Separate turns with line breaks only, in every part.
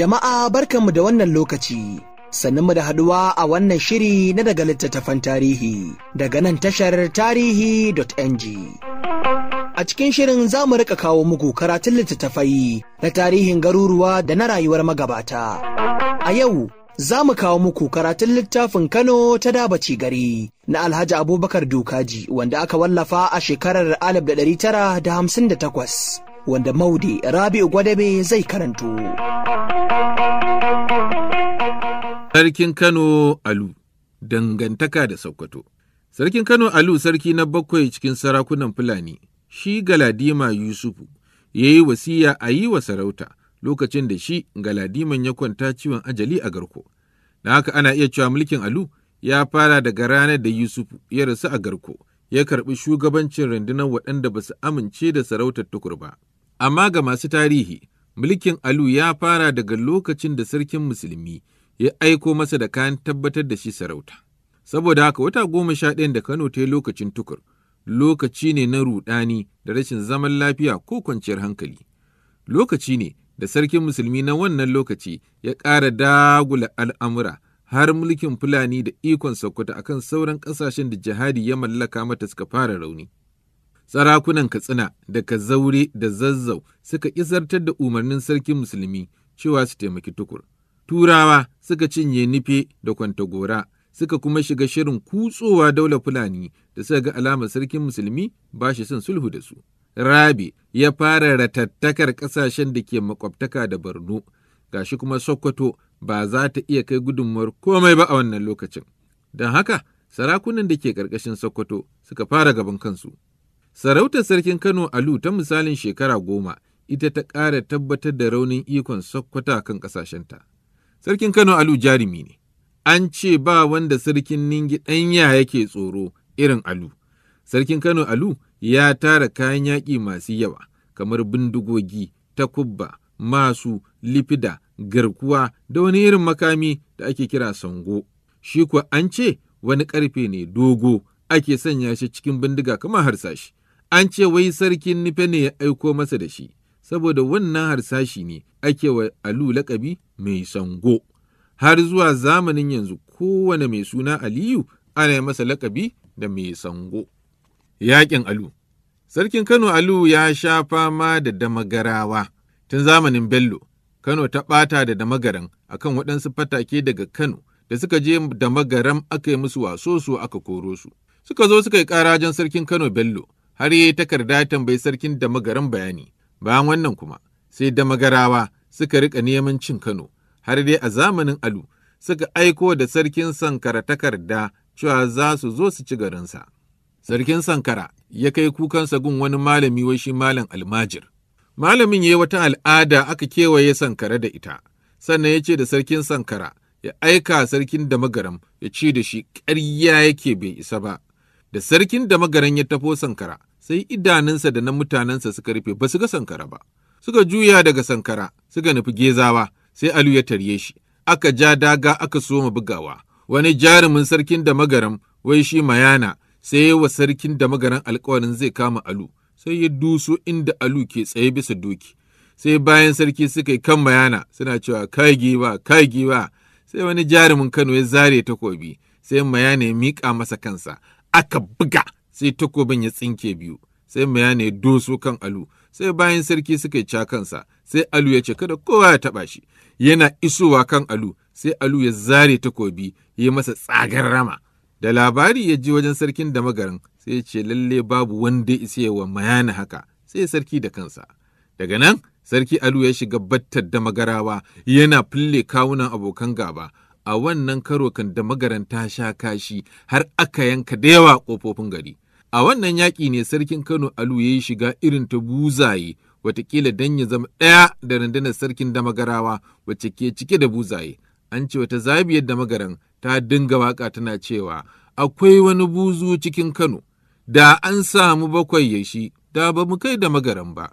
Jama'a barkanmu da wannan lokaci, sannunmu da haduwa a wannan shiri na daga littattafan tarihi daga nan tashar tarihi.ng. A cikin shirin za mu rika kawo muku karatun littattafai na tarihin garuruwa da na rayuwar magabata. A yau za mu kawo muku karatun littafin Kano ta dabaci gari na Alhaji Abubakar Dokaji wanda aka wallafa a shekarar 1958 wanda Maudi Rabi'u Gwadabe zai karanto. Sarkin Kano Alu dangantaka da Sokoto Sarkin Kano Alu sarki na bakwai cikin sarakunan Fulani shi Galadima Yusufu ya yi wasiya a yi wa sarauta. lokacin da shi galadiman ya kwanta ciwon ajali a garko. Da haka ana iya cewa mulkin Alu ya fara daga ranar da Yusuf ya rasu a garko, ya karɓi shugabancin rundunar waɗanda ba su amince da sarautar tukur ba. Amma ga masu tarihi, mulkin Alu ya fara daga lokacin da sarkin musulmi ya aiko masa da kayan tabbatar da shi sarauta. Saboda haka wata goma sha ɗaya da Kano ta yi lokacin tukur, lokaci ne na ruɗani da rashin zaman lafiya ko kwanciyar hankali. Lokaci ne da sarkin musulmi na wannan lokaci ya ƙara dagula al'amura har mulkin Fulani da ikon Sokoto a kan sauran ƙasashen da jihadi ya mallaka mata suka fara rauni. Sarakunan Katsina da Kazaure da Zazzau suka isartar da umarnin sarkin musulmi cewa su taimaki tukur. Turawa suka cinye nufe da kwantagora suka kuma shiga shirin kutsowa daular Fulani da suka ga alamar sarkin musulmi ba shi son sulhu da su. Rabi ya fara ratattakar ƙasashen da ke makwabtaka da Borno, gashi kuma Sokoto ba za ta iya kai gudunmuwar komai ba a wannan lokacin. Don haka, sarakunan da ke ƙarƙashin Sokoto suka fara gaban kansu. Sarautar Sarkin Kano Alu ta misalin shekara goma ita ta ƙara tabbatar da raunin ikon Sokoto kan ƙasashenta. Sarkin Kano Alu jarumi ne, an ce ba wanda sarkin ningi ɗanya yake tsoro irin Alu. Sarkin Kano Alu ya tara kayan yaƙi masu yawa kamar bindigogi, takubba, masu, lifida, garkuwa da wani irin makami da ake kira sango. Shi kuwa an ce wani ƙarfe ne dogo ake sanya shi cikin bindiga kamar harsashi. An ce wai sarkin nufe ne ya aiko masa da shi, saboda wannan harsashi ne ake wa Alu lakabi mai sango. Har zuwa zamanin yanzu kowane mai suna Aliyu ana masa lakabi da mai sango. Yaƙin Alu Sarkin Kano Alu ya sha fama da damagarawa tun zamanin Bello, Kano ta ɓata da damagaran akan waɗansu fatake daga Kano da suka je damagaran aka yi musu waso su aka koro su. Suka zo suka yi ƙarajen sarkin Kano Bello har yi takarda tambayi sarkin damagaran bayani. Bayan wannan kuma sai damagarawa suka riƙa neman cin Kano har dai a zamanin Alu suka aiko da sarkin Sankara takarda cewa za su zo su ci garinsa. Sarkin Sankara ya kai kukansa gun wani malami wai shi malam almajir. Malamin ya yi wata al'ada aka kewaye Sankara da ita, sannan ya ce da sarkin Sankara ya aika sarkin da magaram ya ce da shi ƙarya yake bai isa ba. Da sarkin da magaran ya tafo Sankara, sai idanunsa da na mutanensa suka rufe ba su ga Sankara ba. Suka juya daga Sankara, suka nufi gezawa, sai Alu ya tarye shi. Aka ja daga aka so soma bugawa. Wani jarumin sarkin da magaram wai shi mayana sai wa sarkin da magaran alkawarin zai kama alu sai ya duso inda alu ke tsaye bisa doki sai bayan sarki suka yi kan bayana suna cewa kage ba kage ba sai wani jarumin kano ya zare takobi sai mayana ya mika masa kansa aka buga sai takobin ya tsinke biyu sai mayana ya doso kan alu sai bayan sarki suka yi kansa sai alu ya ce kada kowa ya taɓa shi yana isowa kan alu sai alu ya zare takobi ya masa tsagar rama da labari ya ji wajen sarkin da magarin sai ce lalle babu wanda isa wa mayana haka sai sarki da kansa daga nan sarki alu ya shiga battar da magarawa yana fille kawunan abokan gaba a wannan karo kan da magaran ta sha kashi har aka yanka da yawa kofofin gari a wannan yaƙi ne sarkin kano alu ya yi shiga irin ta buzaye watakila don ya zama ɗaya da rundunar sarkin damagarawa wacce ke cike da buzaye an ce wata zabiyar da magaran ta dinga waka tana cewa akwai wani buzu cikin Kano, da an samu bakwai ya shi, da ba mu kai da magaran ba.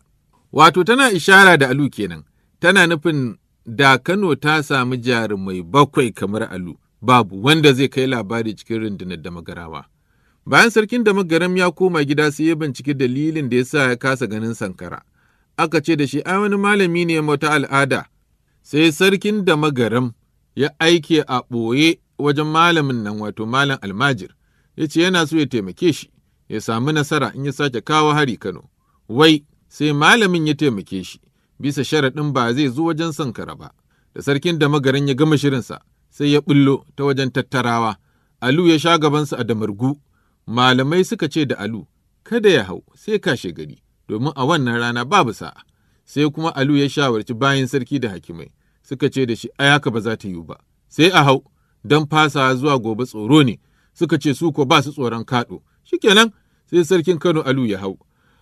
Wato tana ishara da alu kenan, tana nufin da Kano ta samu jarumai bakwai kamar alu, babu wanda zai kai labari cikin rundunar da magarawa. Bayan sarkin da magaram ya koma gida sai ya binciki dalilin da ya sa ya kasa ganin sankara. Aka ce da shi ai wani malami ne mata al'ada, sai sarkin da magaram ya aike a ɓoye wajen malamin nan wato malam almajir ya ce yana so ya taimake shi ya samu nasara in ya sake kawo hari kano wai sai malamin ya taimake shi bisa sharaɗin ba zai zo wajen sankara ba da sarkin da magarin ya gama shirinsa sai ya ɓullo ta wajen tattarawa alu ya sha gabansa a damargu malamai suka ce da alu kada ya hau sai kashe gari domin a wannan rana babu sa'a sai kuma alu ya shawarci bayan sarki da hakimai suka ce da shi ai haka ba za ta yiwu ba sai a hau Dan fasa zuwa gobe tsoro ne suka ce su ko ba su tsoron kaɗo shikenan sai sarkin kano alu ya hau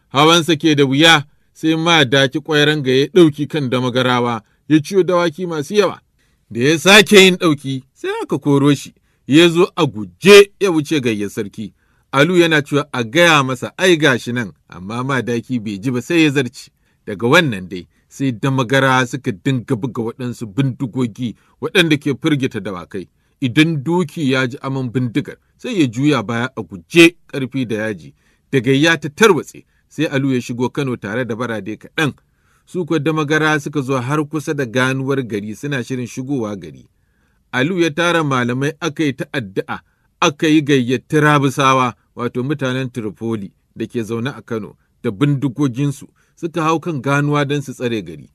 hawansa ke da wuya sai ma daki ƙwairan ga ya ɗauki kan da magarawa ya ciyo dawaki masu yawa da ya sake yin ɗauki sai aka koro shi ya zo a guje ya wuce gayya sarki alu yana cewa a gaya masa ai gashi nan amma ma daki bai ji ba sai ya zarci daga wannan dai sai damagara suka dinga buga waɗansu bindigogi waɗanda ke firgita dawakai idan duki ya ji aman bindigar sai ya juya baya a guje ƙarfi da yaji daga ya ta tarwatse sai alu ya shigo kano tare da barade kaɗan su kuwa damagara suka zo har kusa da ganuwar gari suna shirin shigowa gari alu ya tara malamai aka yi ta aka yi gayyati rabisawa wato mutanen tripoli da ke zaune a kano da bindigoginsu suka hau kan ganuwa don su tsare gari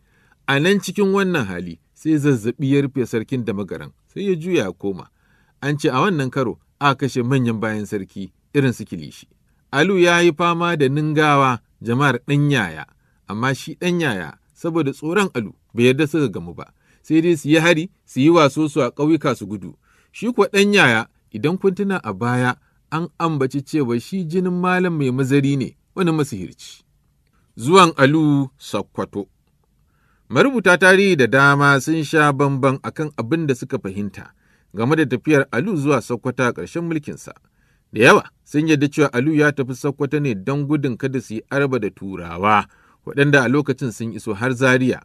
a nan cikin wannan hali sai zazzabi ya rufe sarkin da magaran sai ya juya koma an ce a wannan karo a kashe manyan bayan sarki irin su kilishi alu ya yi fama da ningawa jama'ar yaya, amma shi ɗan yaya saboda tsoron alu bai yarda suka gamu ba sai dai su yi hari su yi waso su a ƙauyuka su gudu shi kuwa yaya, idan kuntuna a baya an ambaci cewa shi jinin malam mai mazari ne wani masihirci zuwan Alu Sokoto Marubuta tarihi da dama sun sha bamban kan abin da suka fahimta game da tafiyar Alu zuwa Sokoto a ƙarshen mulkinsa. Da yawa sun yarda cewa Alu ya tafi Sokoto ne don gudun kada su yi arba da Turawa, waɗanda a lokacin sun iso har Zariya,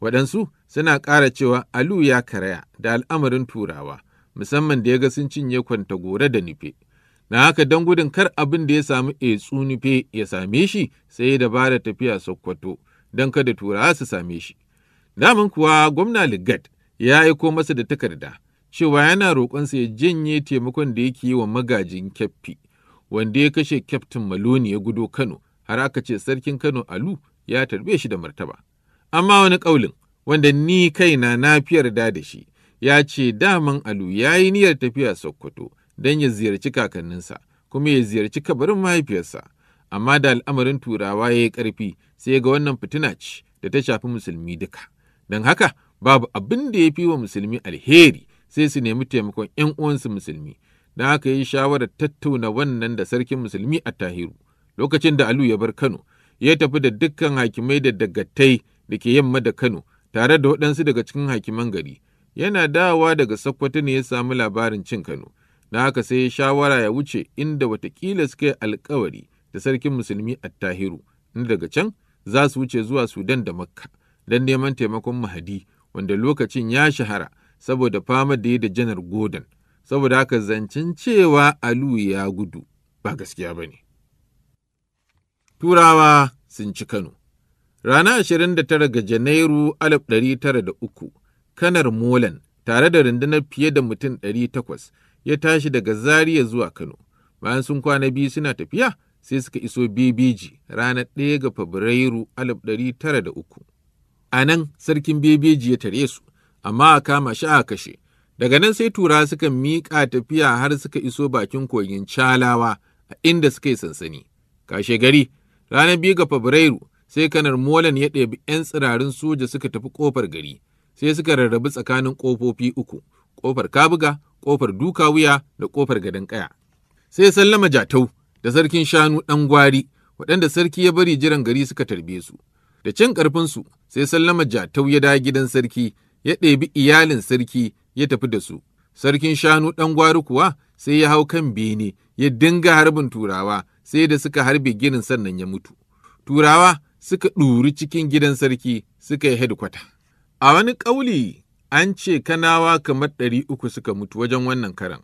Waɗansu suna ƙara cewa Alu ya karaya da al'amarin Turawa, musamman da ya ga sun cinye kwanta gore da nufe. Na haka don gudun kar abin da ya samu Etsunufe ya same shi sai da ba da tafiya Sokoto don kada turawa su same shi. Damin kuwa gwamna Ligat ya aiko masa da takarda cewa yana roƙonsa ya janye taimakon da yake yi wa magajin kyaffi wanda ya kashe kyaftin Maloni ya gudo Kano har aka ce sarkin Kano Alu ya tarbe shi da martaba. Amma wani ƙaulin wanda ni kaina na fiyar da shi ya ce daman Alu ya yi niyyar tafiya Sokoto don ya ziyarci kakanninsa kuma ya ziyarci kabarin mahaifiyarsa amma da al'amarin turawa ya yi ƙarfi sai ga wannan fitina ce da ta shafi musulmi duka don haka babu abin da ya fi wa musulmi alheri sai su nemi taimakon 'yan uwansu musulmi don haka yi shawarar tattauna wannan da sarkin musulmi a tahiru lokacin da alu ya bar kano ya tafi da dukkan hakimai da dagatai da ke yamma da kano tare da waɗansu daga cikin hakiman gari yana dawowa daga sakkwato ne ya samu labarin cin kano na haka sai shawara ya wuce inda watakila suka yi alkawari da sarkin musulmi a tahiru inda daga can za su wuce zuwa sudan da makka don neman taimakon mahadi wanda lokacin ya shahara saboda fama da yi da janar godon saboda haka zancen cewa alu ya gudu ba gaskiya ba ne turawa sun ci kano Rana 29 ga Janairu 1903, kanar Molan tare da rundunar fiye da mutum 800 ya tashi daga Zariya zuwa Kano. Bayan sun kwana biyu suna tafiya, sai suka iso Bebeji ranar ɗaya ga Fabrairu ɗari tara da uku A nan sarkin Bebeji ya tare su, amma a kama shi a kashe. Daga nan sai tura suka miƙa tafiya har suka iso bakin kogin chalawa a inda suka yi sansani. Kashe gari, ranar biyu ga Fabrairu, sai kanar Molan ya ɗebi 'yan tsirarin soja suka tafi ƙofar gari, sai suka rarrabu tsakanin ƙofofi uku. ƙofar kabuga, ƙofar duka wuya da ƙofar gadon ƙaya. Sai sallama jatau da sarkin shanu ɗan gwari waɗanda sarki ya bari jiran gari suka tarbe su. Da cin ƙarfinsu sai sallama jatau ya da gidan sarki ya ɗebi iyalin sarki ya tafi da su. Sarkin shanu ɗan gwari kuwa sai ya hau kan bene ya dinga harbin turawa sai da suka harbe ginin sannan ya mutu. Turawa suka ɗuri cikin gidan sarki suka yi hedikwata. A wani ƙauli An ce kanawa kamar ɗari uku suka mutu wajen wannan karan.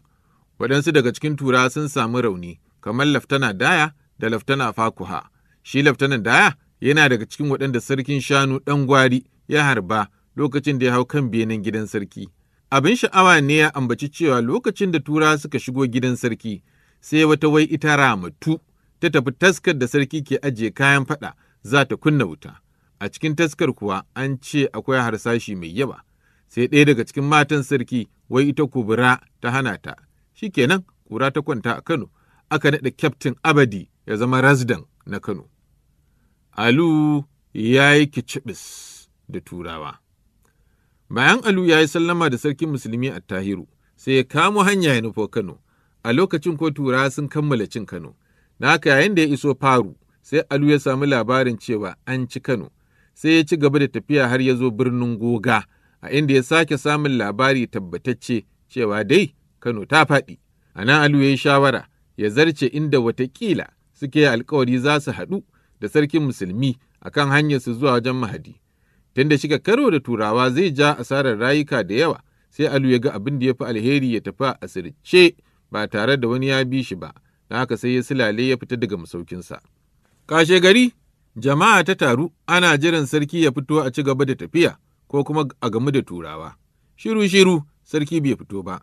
Waɗansu daga cikin tura sun sami rauni, kamar laftana daya da laftana fakuha. Shi laftanan daya yana daga cikin waɗanda sarkin shanu ɗan gwari ya harba lokacin da ya hau kan benin gidan sarki. Abin sha'awa ne ya ambaci cewa lokacin da tura suka shigo gidan sarki, sai wata wai ita ramatu ta tafi taskar da sarki ke ajiye kayan faɗa za ta kunna wuta. A cikin taskar kuwa an ce akwai harsashi mai yawa. sai ɗaya daga cikin matan sarki wai ita kubura ta hana ta shi kenan kura ta kwanta a kano aka naɗa kyaftin abadi ya zama rasdan na kano alu ya yi kicibis da turawa bayan alu ya yi sallama da sarkin musulmi a tahiru sai ya kamo hanya ya nufo kano a lokacin ko tura sun kammala cin kano na haka yayin da ya iso faru sai alu ya samu labarin cewa an ci kano sai ya ci gaba da tafiya har ya zo birnin goga a inda ya sake samun labari tabbatacce cewa dai Kano ta faɗi. A nan Alu ya yi shawara ya zarce inda watakila suke alkawari za su haɗu da sarkin musulmi a kan hanyarsu zuwa wajen mahadi. Tunda shiga karo da turawa zai ja asarar rayuka da yawa sai Alu ya ga abin da ya fi alheri ya tafi a sirce ba tare da wani ya bi shi ba, na haka sai ya silale ya fita daga masaukinsa. Kashe gari, jama'a ta taru ana jiran sarki ya fito a ci gaba da tafiya. ko kuma a gamu da turawa. Shiru shiru sarki bai fito ba.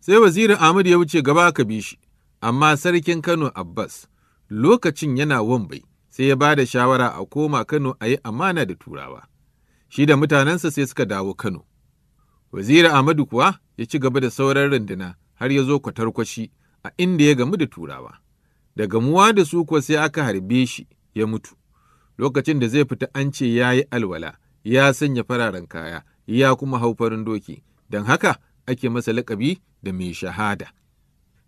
Sai wazirin Ahmad ya wuce gaba ka bi shi, amma sarkin Kano Abbas lokacin yana wambai sai ya ba da shawara a koma Kano a yi amana da turawa. Shi da mutanensa sai suka dawo Kano. Wazirin Ahmadu kuwa ya ci gaba da sauran runduna har ya zo kwatarkwashi a inda ya gamu da turawa. Da gamuwa da su kuwa sai aka harbe shi ya mutu. Lokacin da zai fita an ce ya yi alwala, ya sanya fararen kaya ya kuma hau farin doki don haka ake masa laƙabi da mai shahada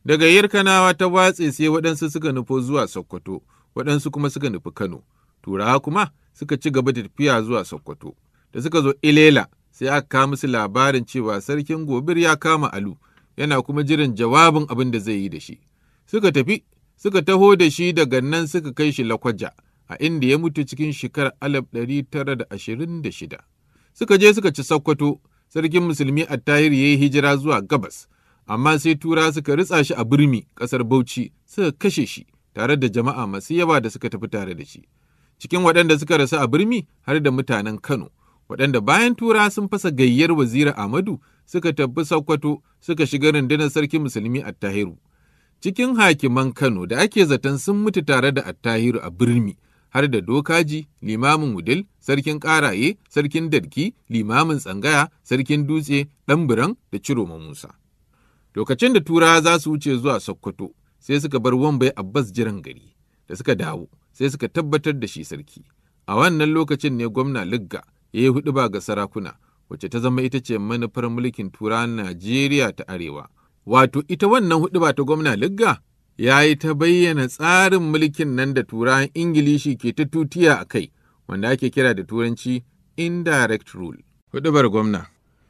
daga Yirkanawa ta watse sai waɗansu suka nufo zuwa sokoto waɗansu kuma suka nufi kano turawa kuma suka ci gaba da tafiya zuwa sokoto da suka zo ilela sai aka kawo musu labarin cewa sarkin gobir ya kama alu yana kuma jiran jawabin abin da zai yi da shi suka tafi suka taho da shi daga nan suka kai shi lakwaja a inda ya mutu cikin shekarar 1926. Suka je suka ci Sokoto, sarkin musulmi Attahir ya yi hijira zuwa gabas, amma sai tura suka ritsa shi a birni ƙasar Bauchi suka kashe shi tare da jama'a masu yawa da suka tafi tare da shi. Cikin waɗanda suka rasu a birni har da mutanen Kano, waɗanda bayan tura sun fasa gayyar wazira Ahmadu suka tafi Sokoto suka shiga rundunar sarkin musulmi Attahiru. Cikin hakiman Kano da ake zaton sun mutu tare da Attahiru a birni har da dokaji limamin wudil sarkin karaye sarkin darki limamin tsangaya sarkin dutse ɗan biran da ma musa lokacin da turawa za su wuce zuwa sokoto sai suka bar wambai abbas jiran gari da suka dawo sai suka tabbatar da shi sarki a wannan lokacin ne gwamna ligga ya yi huɗuba ga sarakuna wacce ta zama ita ce manufar mulkin turawan najeriya ta arewa wato ita wannan huɗuba ta gwamna ligga ya yi ta bayyana tsarin mulkin nan da turawan ingilishi ke ta tutiya a kai wanda ake kira da turanci indirect rule hudubar gwamna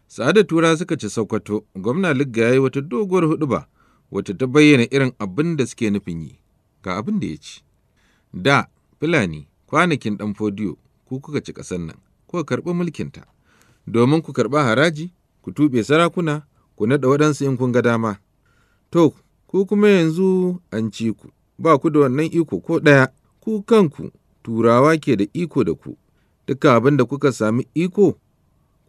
sa'ada tura suka ci sokoto gwamna ligga ya yi wata doguwar huduba wata ta bayyana irin abin da suke nufin yi ga abin da ya ci da fulani kwanakin ɗan fodiyo ku kuka ci ƙasar nan kuka karɓi mulkinta domin ku karɓa haraji ku tuɓe sarakuna ku naɗa waɗansu in kun ga dama to ku kuma yanzu an ci ku, ba ku da wannan iko ko ɗaya, ku kanku turawa ke da iko da ku, duka abin da kuka sami iko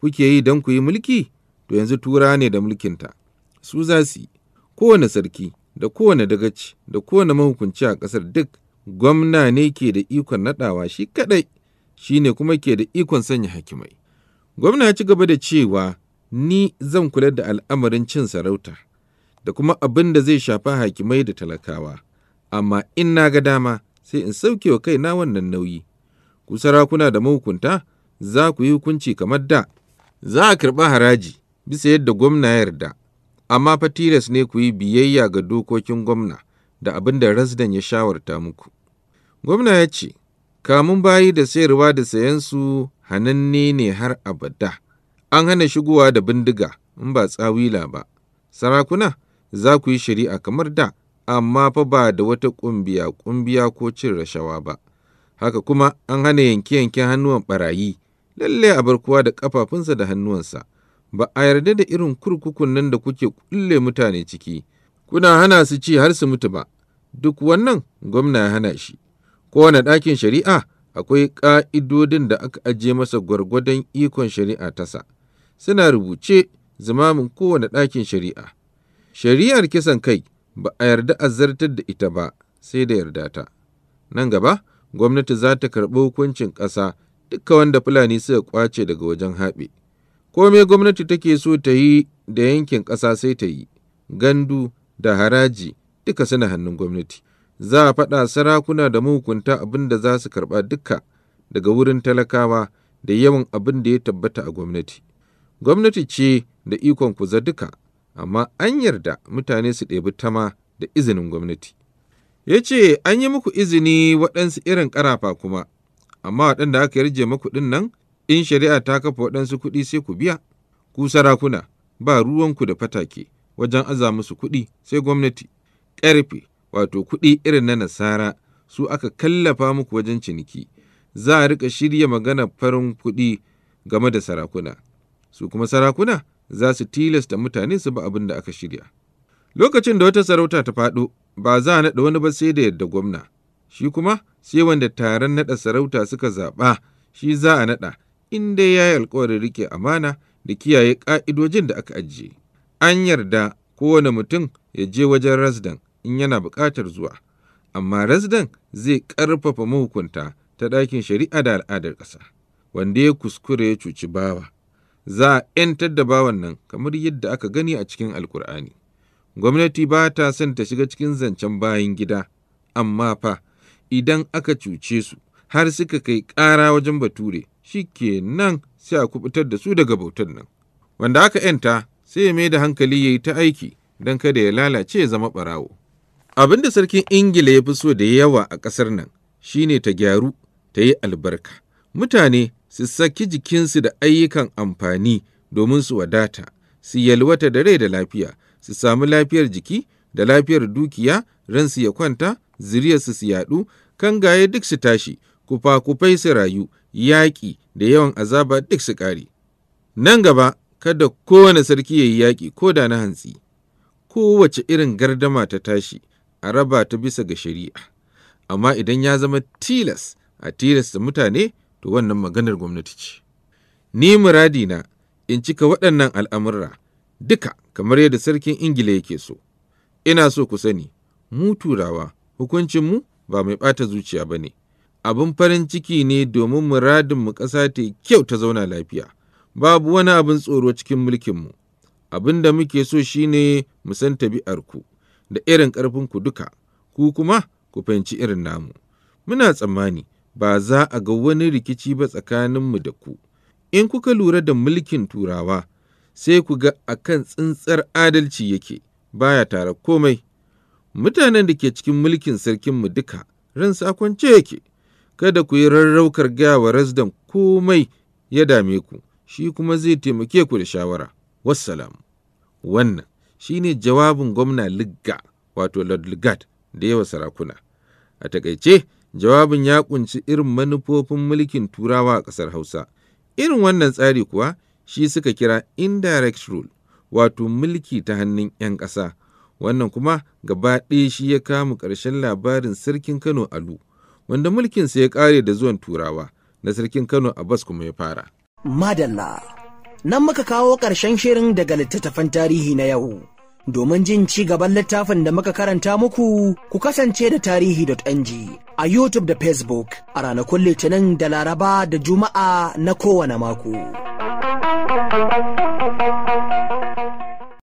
kuke yi don ku yi mulki, to yanzu tura ne da mulkinta, su za su yi, kowane sarki da kowane dagaci da kowane mahukunci a ƙasar duk gwamna ne ke da ikon naɗawa shi kaɗai, shi ne kuma ke da ikon sanya hakimai. Gwamna ya ci gaba da cewa ni zan kula da al'amarin cin sarauta. da kuma abin da zai shafa hakimai da talakawa, amma in na ga dama sai in sauke wa kaina wannan nauyi. Ku sarakuna da mahukunta za ku yi hukunci kamar da, za a karɓi haraji bisa yadda gwamna ya yarda, amma fa tilas ne ku yi biyayya ga dokokin gwamna da abin da rasdan ya shawarta muku. Gwamna ya ce, kamun bayi da sayarwa da sayansu hananne ne har abada, an hana shigowa da bindiga in ba tsawila ba. Sarakuna, za ku yi shari'a kamar da amma fa ba da wata ƙumbiya ƙumbiya ko cin rashawa ba haka kuma an hana yanke-yanken hannuwan barayi lallai a bar da ƙafafunsa da hannuwansa ba a yarda da irin kurkukun nan da kuke kulle mutane ciki kuna hana su ci har su mutu ba duk wannan gwamna ya hana shi kowane ɗakin shari'a akwai ƙa'idodin da aka ajiye masa gwargwadon ikon shari'a tasa suna rubuce zimamin kowane ɗakin shari'a Shari'ar kisan kai ba a yarda a zartar da ita ba sai da yarda ta. Nan gaba, gwamnati za ta karɓi hukuncin ƙasa duka wanda Fulani suka kwace daga wajen haɓe. Kome gwamnati take so ta yi da yankin ƙasa sai ta yi, gandu da haraji duka suna hannun gwamnati. Za a faɗa sarakuna da mahukunta abin da za su karɓa duka daga wurin talakawa da yawan abin da ya tabbata a gwamnati. Gwamnati ce da ikon kuza duka. amma an yarda mutane su ɗebi tama da izinin gwamnati. Ya ce, An yi muku izini waɗansu irin ƙarafa kuma, amma waɗanda aka yarje maku ɗin nan, in shari'a ta kafa waɗansu kuɗi sai ku biya. Ku sarakuna, ba ruwanku da fatake wajen aza musu kuɗi sai gwamnati. Ƙarfe, wato kuɗi irin na nasara, su aka kallafa muku wajen ciniki. Za a riƙa shirya magana farin kuɗi game da sarakuna. Su kuma sarakuna, za su tilasta mutane su ba abin da aka shirya. Lokacin da wata sarauta ta faɗo, ba za a naɗa wani ba sai da yadda gwamna, shi kuma sai wanda taron naɗa sarauta suka zaɓa shi za a naɗa, inda ya yi alkawarin riƙe amana da kiyaye ƙa'idojin da aka ajiye. An yarda kowane mutum ya je wajen rasdan in yana buƙatar zuwa, amma rasdan zai ƙarfafa mahukunta ta ɗakin shari'a da al'adar ƙasa, wanda ya kuskure ya cuci bawa. za a 'yantar da bawan nan kamar yadda aka gani a cikin alkur'ani gwamnati ba ta son ta shiga cikin zancen bayan gida amma fa idan aka cuce su har suka kai ƙara wajen bature shi ke nan sai a kubutar da su daga bautar nan wanda aka 'yanta sai ya mai da hankali ya yi ta aiki don kada ya lalace ya zama ɓarawo abin da sarkin ingila ya fi so da yawa a ƙasar nan shi ne ta gyaru ta yi albarka mutane su saki jikinsu da ayyukan amfani domin su wadata, su yalwata da rai da lafiya, su sami lafiyar jiki da lafiyar dukiya, ransu ya kwanta, zuriyarsu su yaɗu, kangaye duk su tashi, kufa-kufai su rayu, yaƙi da yawan azaba duk su ƙari. Nan gaba, kada kowane sarki ya yi yaƙi ko da na hantsi, kowace irin gardama ta tashi a raba ta bisa ga shari'a, amma idan ya zama tilas a tilasta mutane to wannan maganar gwamnati ce. Ni muradi na in cika waɗannan al'amurra duka kamar yadda sarkin Ingila yake so. Ina so ku sani, mu turawa hukuncinmu ba mai ɓata zuciya ba ne. Abin farin ciki ne domin muradinmu ƙasa ta kyau ta zauna lafiya. Babu wani abin tsoro cikin mulkinmu. Abin da muke so shine mu san tabi'arku da irin ƙarfinku duka, ku kuma ku fahimci irin namu. Muna tsammani. ba za a ga wani rikici ba tsakaninmu da ku. In kuka lura da mulkin Turawa, sai ku ga a kan tsintsar adalci yake, baya tare komai. Mutanen da ke cikin mulkin sarkinmu duka, ran sakonce yake, kada ku yi rarraukar gawa rasdan komai ya dame ku, shi kuma zai taimake ku da shawara. Wassalam. Wannan shi ne jawabin gwamna Ligga, wato Lord da yawa sarakuna. A takaice, Jawabin ya kunci irin manufofin mulkin Turawa a ƙasar Hausa. Irin wannan tsari kuwa shi suka kira indirect rule, wato mulki ta hannun 'yan ƙasa. Wannan kuma gaba ɗaya shi ya kama ƙarshen labarin Sarkin Kano Alu, wanda mulkinsa ya ƙare da zuwan Turawa, na Sarkin Kano a Abbas kuma ya fara. Madalla, nan muka kawo ƙarshen shirin daga littattafan tarihi na yau. Domin jin ci gaban littafin da muka karanta muku, ku kasance da tarihi.ng a YouTube da Facebook a ranakun Litinin da Laraba da Juma'a na kowane mako.